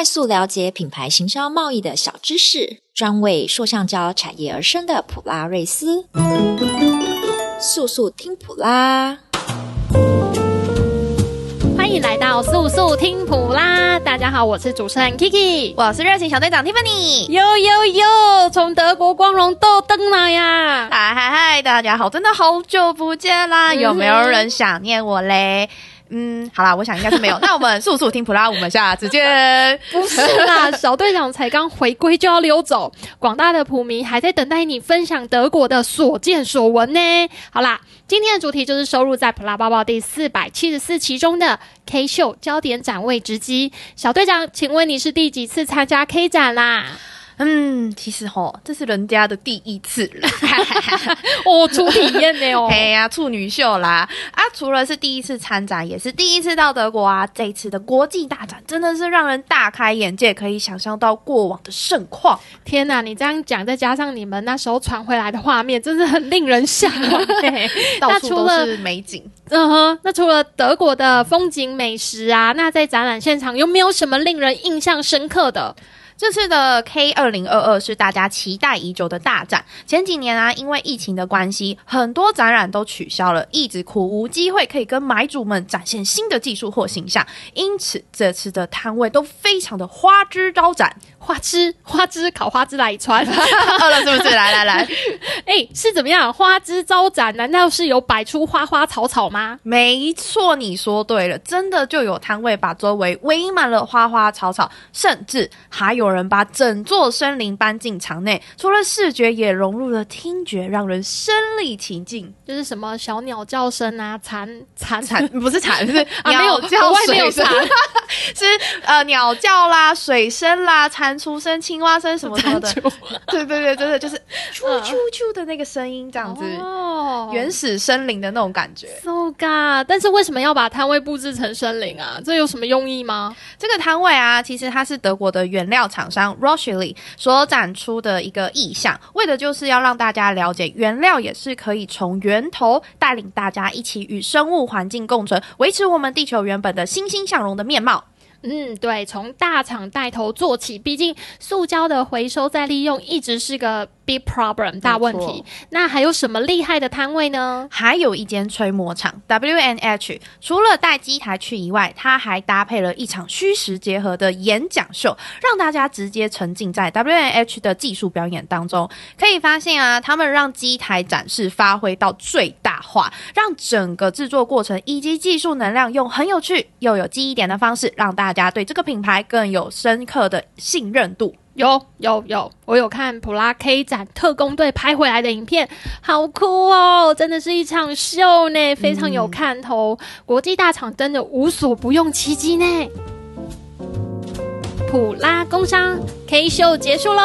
快速了解品牌行銷貿易的小知識，專為塑橡膠產業而生的普拉瑞斯，速速聽普拉！歡迎來到速速聽普拉！大家好，我是主持人 Kiki，我是熱情小隊長 Tiffany。喲喲喲，從德國光榮到登了呀！嗨嗨嗨，大家好，真的好久不見啦，嗯！有沒有人想念我嘞？嗯，好啦，我想應該是沒有。 那我們速速聽普拉，我們下次見。 不是啦，小隊長才剛回歸就要溜走，廣大的普迷還在等待你分享德國的所見所聞呢。好啦，今天的主題就是收入在普拉抱報第四百七十四期中的 K 秀焦點展位直擊。小隊長，請問你是第幾次參加 K 展啦？嗯，其實哦，這是人家的第一次了，了哈哈哦，初體驗呢哦，嘿、 哎、呀，處女秀啦！啊，除了是第一次參展，也是第一次到德國啊。這一次的國際大展真的是讓人大開眼界，可以想象到過往的盛況。天哪、啊，你這樣講，再加上你們那時候傳回來的畫面，真是很令人向往、啊。 到處都是美景，嗯 哼。Uh -huh, 那除了德國的風景美食啊，那在展覽現場有沒有什麼令人印象深刻的？這次的 K 二零二二，是大家期待已久的大展。前幾年啊，因為疫情的關係，很多展覽都取消了，一直苦無機會可以跟買主們展現新的技術或形象。因此，這次的攤位都非常的花枝招展，花枝花枝烤花枝來一串。 餓了是不是？ 來來來，哎、欸，是怎麼樣花枝招展？難道是有擺出花花草草嗎？沒錯，你說對了，真的就有攤位把周圍圍滿了花花草草，甚至還有。人把整座森林搬進場內，除了視覺，也融入了聽覺，讓人身歷其境。就是什麼小鳥叫聲啊，蟬蟬蟬不是蟬是、 啊、鳥叫，外面有蟬，啊、有 是呃鳥叫啦、水聲啦、蟾蜍聲、青蛙聲什麼的，對對對，真的就是啾啾啾的那個聲音，這樣子，原始森林的那種感覺。So 但是為什麼要把攤位佈置成森林啊？這有什麼用意嗎？這個攤位啊，其實它是德國的原料廠商 Röchling 所展出的一個意向，為的就是要讓大家了解，原料也是可以從源頭帶領大家一起與生物環境共存，維持我們地球原本的欣欣向榮的面貌。嗯，對，從大廠帶頭做起，畢竟塑膠的回收再利用一直是個 big problem 大問題。那還有什麼厲害的攤位呢？還有一間吹膜廠 W&H，除了帶機台去以外，他還搭配了一場虛實結合的演講秀，讓大家直接沉浸在 W&H 的技術表演當中。可以發現啊，他們讓機台展示發揮到最。話，讓整個製作過程以及技術能量，用很有趣又有記憶點的方式，讓大家對這個品牌更有深刻的信任度。有有有，我有看普拉 K 展特工隊拍回來的影片，好酷哦！真的是一場秀呢，非常有看頭。嗯、國際大廠真的無所不用其極呢。普拉工商 K 秀結束嘍，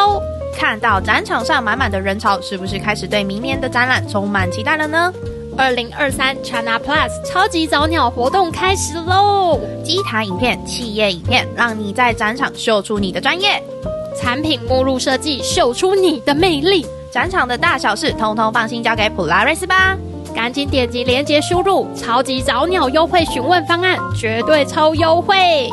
看到展場上滿滿的人潮，是不是開始對明年的展覽充滿期待了呢？二零二三 CHINAPLAS 超級早鳥活動開始嘍！機台影片、企業影片，讓你在展場秀出你的專業。產品目錄設計，秀出你的魅力。展場的大小事，通通放心交給普拉瑞斯吧。趕緊點擊鏈接輸入“超級早鳥優惠詢問方案”，絕對超優惠！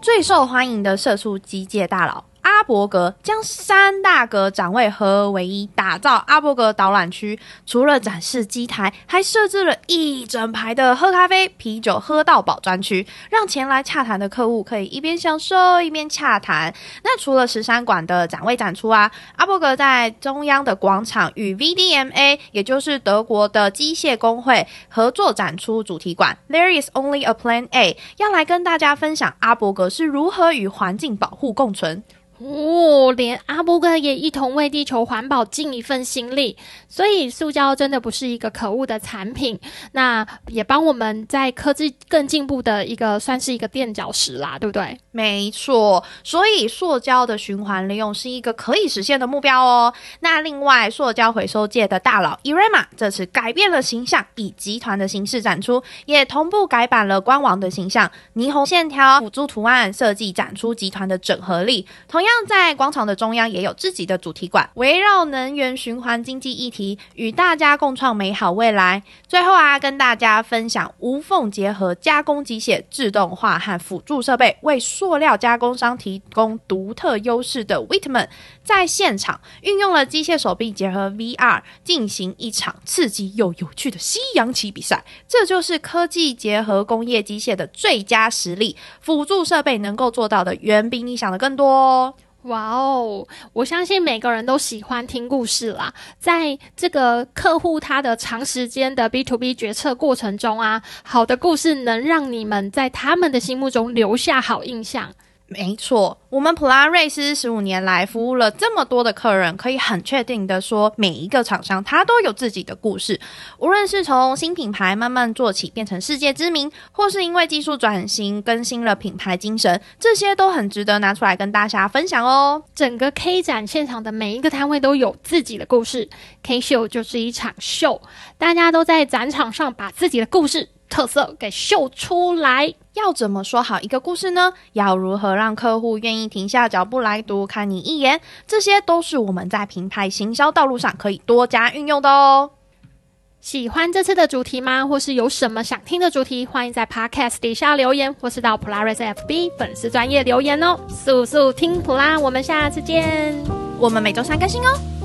最受歡迎的射出機界大佬。阿博格將三大格展位合為一，打造阿博格導覽區。除了展示機台，還設置了一整排的喝咖啡、啤酒喝到飽專區，讓前來洽談的客戶可以一邊享受一邊洽談。那除了十三館的展位展出啊，阿博格在中央的廣場與 VDMA，也就是德國的機械工會合作展出主題館。There is only a Plan A，要來跟大家分享阿博格是如何與環境保護共存。哦，連阿博格也一同為地球環保盡一份心力，所以塑膠真的不是一個可惡的產品。那也幫我們在科技更進步的一個算是一個墊腳石啦，對不對？沒錯，所以塑膠的循環利用是一個可以實現的目標哦。那另外，塑膠回收界的大佬 EREMA 這次改變了形象，以集團的形式展出，也同步改版了官網的形象，霓虹線條輔助圖案設計展出集團的整合力，同樣。像在廣場的中央也有自己的主題館，圍繞能源循環經濟議題，與大家共創美好未來。最後啊，跟大家分享，無縫結合加工機械自動化和輔助設備，為塑料加工商提供獨特優勢的 Wittmann。在現場運用了機械手臂結合 VR 進行一場刺激又有趣的西洋棋比賽，這就是科技結合工業機械的最佳實力，輔助設備能夠做到的，遠比你想的更多哦！哇哦！我相信每個人都喜歡聽故事啦。在這個客戶他的長時間的 B to B 決策過程中啊，好的故事能讓你們在他們的心目中留下好印象。沒錯，我們普拉瑞斯十五年來服務了這麼多的客人，可以很確定的說，每一個廠商他都有自己的故事。無論是從新品牌慢慢做起變成世界知名，或是因為技術轉型更新了品牌精神，這些都很值得拿出來跟大家分享哦。整個 K 展現場的每一個攤位都有自己的故事，K 秀就是一場秀，大家都在展場上把自己的故事特色給秀出來，要怎麼說好一個故事呢？要如何讓客戶願意停下腳步來多看你一眼？這些都是我們在平台行銷道路上可以多加運用的哦。喜歡這次的主題嗎？或是有什麼想聽的主題？歡迎在 Podcast 底下留言，或是到 Polaris FB 粉絲專頁留言哦。速速聽普拉！我們下次見，我們每週三更新哦。